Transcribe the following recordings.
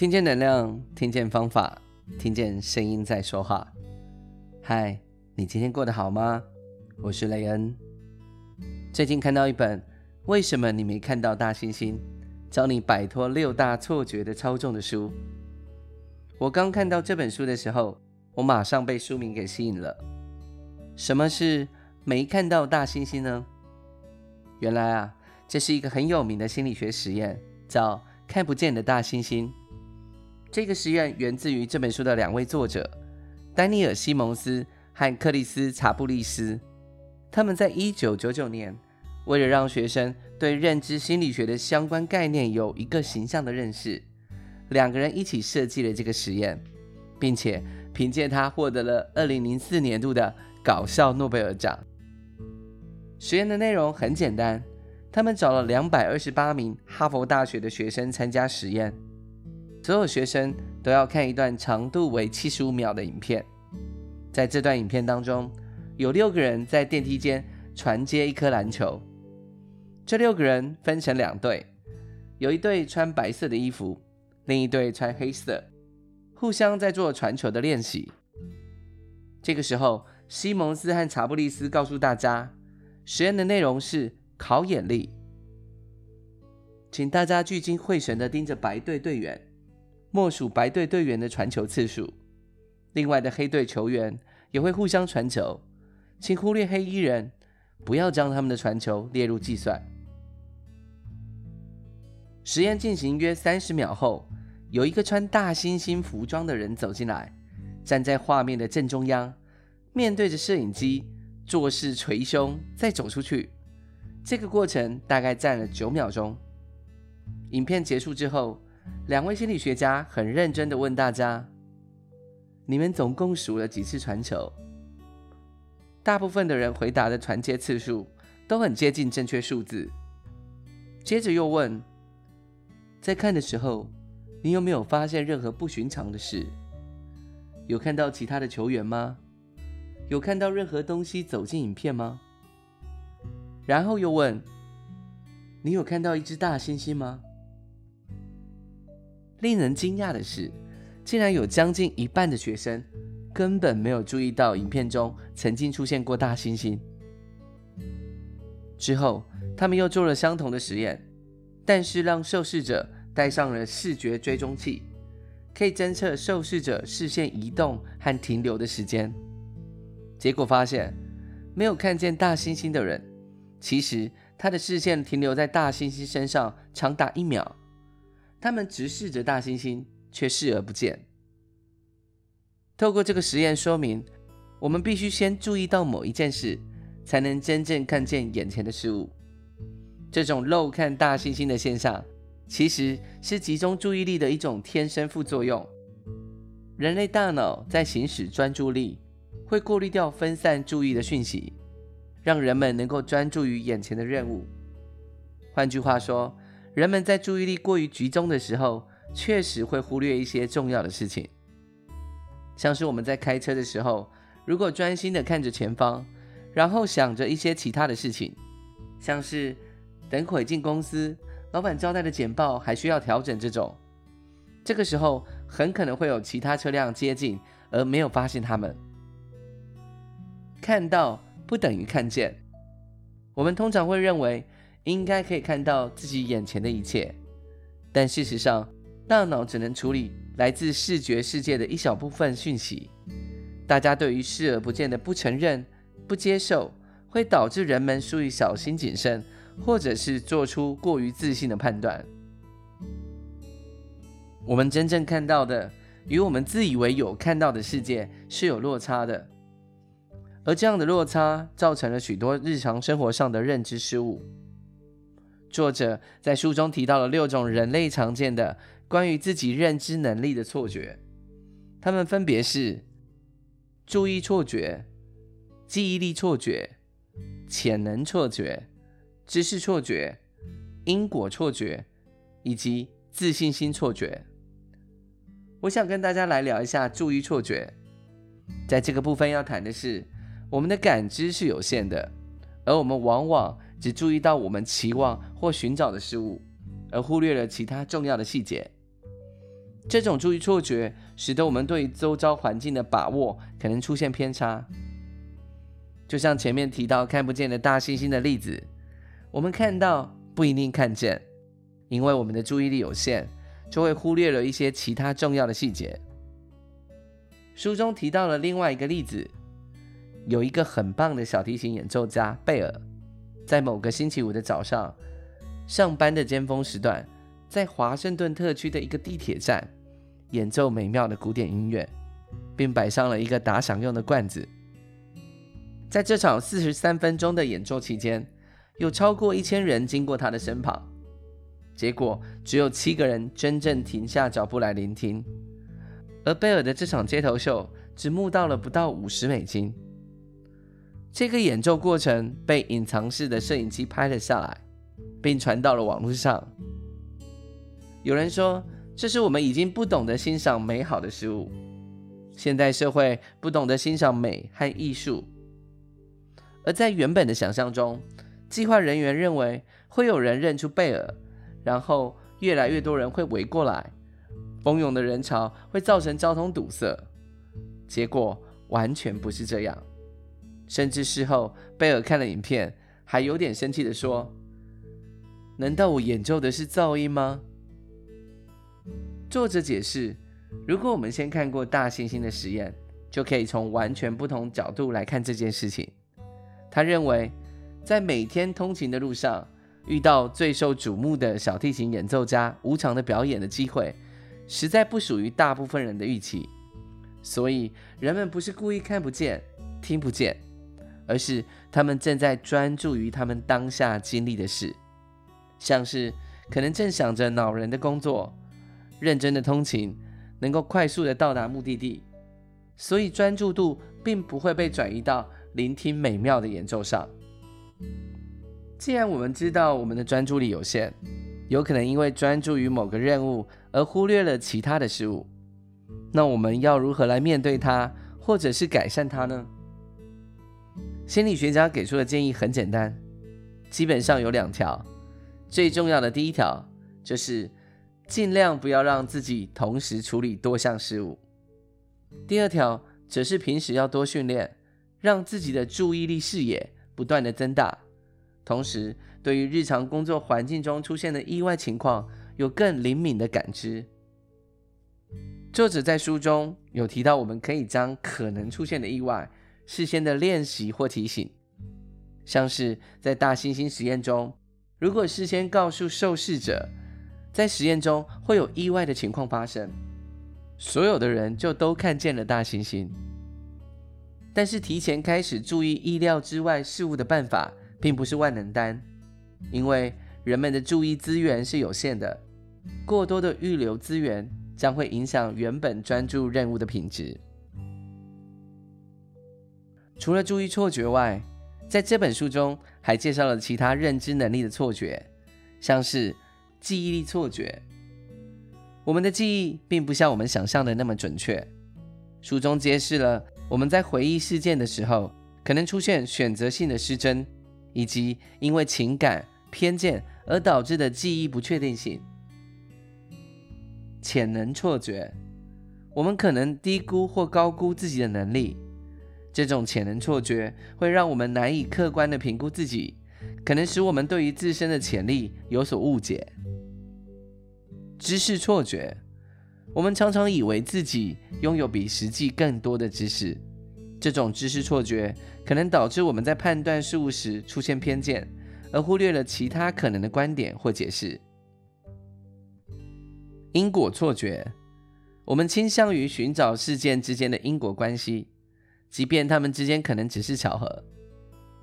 聽見能量，聽見方法，聽見聲音在說話。嗨，你今天過得好嗎？我是雷恩。最近看到一本《為什麼你沒看到大猩猩》，教你擺脫六大錯覺的操縱的書。我剛看到這本書的時候，我馬上被書名給吸引了。什麼是沒看到大猩猩呢？原來啊，這是一個很有名的心理學實驗，叫看不見的大猩猩。這個實驗源，源自於這本書的兩位作者，丹尼爾·西蒙斯和克里斯·查布利斯。他們在一九九九年，為了讓學生對認知心理學的相關概念有一個形象的認識，兩個人一起設計了這個實驗，並且憑借它獲得了二零零四年度的搞笑諾貝爾獎。實驗的內容很簡單，他們找了兩百二十八名哈佛大學的學生參加實驗。所有學生都要看一段長度為七十五秒的影片。在這段影片當中，有六個人在電梯間傳接一顆籃球。這六個人分成兩隊，有一隊穿白色的衣服，另一隊穿黑色，互相在做傳球的練習。這個時候，西蒙斯和查布利斯告訴大家，實驗的內容是考眼力，請大家聚精會神的盯着白隊隊員。默數白隊隊員的傳球次數。另外的黑隊球員也會互相傳球，請忽略黑衣人，不要將他們的傳球列入計算。實驗進行約三十秒後，有一個穿大猩猩服裝的人走進來，站在畫面的正中央，面對着攝影機，作勢捶胸，再走出去。這個過程大概佔了九秒鐘。影片結束之後，兩位心理學家很認真地問大家：“你們總共數了幾次傳球？”大部分的人回答的傳接次數都很接近正確數字。接着又問：“在看的時候，你有沒有發現任何不尋常的事？有看到其他的球員嗎？有看到任何東西走進影片嗎？”然後又問：“你有看到一隻大猩猩嗎？”令人驚訝的是，竟然有將近一半的學生根本沒有注意到影片中曾經出現過大猩猩。之後，他們又做了相同的實驗，但是讓受試者戴上了視覺追蹤器，可以偵測受試者視線移動和停留的時間。結果發現，沒有看見大猩猩的人，其實他的視線停留在大猩猩身上長達一秒。他們直視着大猩猩，卻視而不見。透過這個實驗說明，我們必須先注意到某一件事，才能真正看見眼前的事物。這種漏看大猩猩的現象，其實是集中注意力的一種天生副作用。人類大腦在行使專注力，會過濾掉分散注意的訊息，讓人們能夠專注於眼前的任務。換句話說，人們在注意力過於集中的時候，確實會忽略一些重要的事情，像是我們在開車的時候，如果專心的看着前方，然後想着一些其他的事情，像是等會進公司，老板交代的簡報還需要調整這種，這個時候很可能會有其他車輛接近，而沒有發現他們。看到不等於看見，我們通常會認為。應該可以看到自己眼前的一切，但事實上，大腦只能處理來自視覺世界的一小部分訊息。大家對於視而不見的不承認、不接受，會導致人們疏於小心謹慎，或者是做出過於自信的判斷。我們真正看到的，與我們自以為有看到的世界是有落差的，而這樣的落差，造成了許多日常生活上的認知失誤。作者在書中提到了六種人類常見的關於自己認知能力的錯覺，它們分別是：注意錯覺、記憶力錯覺、潛能錯覺、知識錯覺、因果錯覺以及自信心錯覺。我想跟大家來聊一下注意錯覺。在這個部分要談的是，我們的感知是有限的，而我們往往只注意到我們期望或尋找的事物，而忽略了其他重要的細節。這種注意錯覺使得我們對周遭環境的把握可能出現偏差。就像前面提到看不見的大猩猩的例子，我們看到不一定看見，因為我們的注意力有限，就會忽略了一些其他重要的細節。書中提到了另外一個例子，有一個很棒的小提琴演奏家貝爾。在某個星期五的早上，上班的尖峰時段，在華盛頓特區的一個地鐵站，演奏美妙的古典音樂，並擺上了一個打賞用的罐子。在這場四十三分鐘的演奏期間，有超過一千人經過他的身旁，結果只有七個人真正停下腳步來聆聽。而貝爾的這場街頭秀只募到了不到五十美金。這個演奏過程被隱藏式的攝影機拍了下來，並傳到了網絡上。有人說，這是我們已經不懂得欣賞美好的事物，現代社會不懂得欣賞美和藝術。而在原本的想象中，計劃人員認為會有人認出貝爾，然後越來越多人會圍過來，蜂擁的人潮會造成交通堵塞。結果完全不是這樣。甚至事後，貝爾看了影片，還有點生氣地說：“難道我演奏的是噪音嗎？”作者解釋，如果我們先看過大猩猩的實驗，就可以從完全不同角度來看這件事情。他認為，在每天通勤的路上遇到最受矚目的小提琴演奏家無償的表演的機會，實在不屬於大部分人的預期。所以，人們不是故意看不見、聽不見。而是他們正在專注於他們當下經歷的事，像是可能正想着惱人的工作，認真的通勤，能夠快速的到達目的地，所以專注度並不會被轉移到聆聽美妙的演奏上。既然我們知道我們的專注力有限，有可能因為專注於某個任務而忽略了其他的事物，那我們要如何來面對它，或者是改善它呢？心理學家給出的建議很簡單，基本上有兩條。最重要的第一條就是儘量不要讓自己同時處理多項事物；第二條則是平時要多訓練，讓自己的注意力視野不斷的增大，同時對於日常工作環境中出現的意外情況有更靈敏的感知。作者在書中有提到，我們可以將可能出現的意外。事先的練習或提醒，像是在大猩猩實驗中，如果事先告訴受試者在實驗中會有意外的情況發生，所有的人就都看見了大猩猩。但是提前開始注意意料之外事物的辦法並不是萬能丹，因為人們的注意資源是有限的，過多的預留資源將會影響原本專注任務的品質。除了注意錯覺外，在這本書中還介紹了其他認知能力的錯覺，像是記憶力錯覺。我們的記憶並不像我們想象的那麼準確。書中揭示了我們在回憶事件的時候可能出現選擇性的失真，以及因為情感偏見而導致的記憶不確定性。潛能錯覺，我們可能低估或高估自己的能力。這種潛能錯覺會讓我們難以客觀的評估自己，可能使我們對於自身的潛力有所誤解。知識錯覺，我們常常以為自己擁有比實際更多的知識，這種知識錯覺可能導致我們在判斷事物時出現偏見，而忽略了其他可能的觀點或解釋。因果錯覺，我們傾向於尋找事件之間的因果關係。即便他們之間可能只是巧合，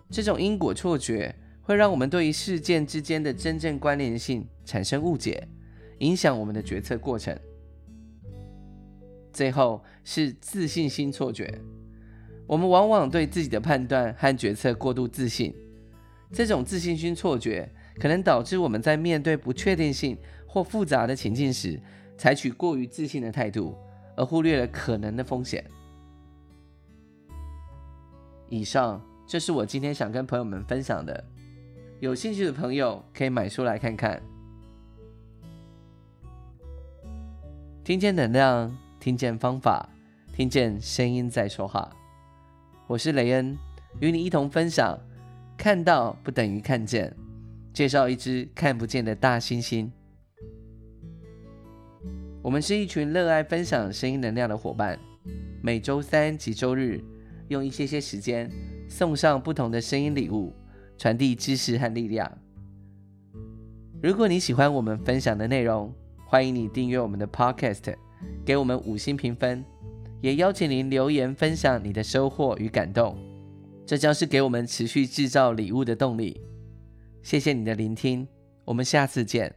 這種因果錯覺會讓我們對於事件之間的真正關聯性產生誤解，影響我們的決策過程。最後是自信心錯覺，我們往往對自己的判斷和決策過度自信，這種自信心錯覺可能導致我們在面對不確定性或複雜的情境時，採取過於自信的態度，而忽略了可能的風險。以上就是我今天想跟朋友們分享的。有興趣的朋友可以買書來看看。聽見能量，聽見方法，聽見聲音在說話。我是雷恩，與你一同分享。看到不等於看見。介紹一隻看不見的大猩猩。我們是一群熱愛分享聲音能量的夥伴。每周三及周日，用一些些時間，送上不同的聲音禮物，傳遞知識和力量。如果你喜歡我們分享的內容，歡迎你訂閱我們的 Podcast，給我們五星評分，也邀請您留言分享你的收穫與感動。這將是給我們持續製造禮物的動力。謝謝你的聆聽，我們下次見。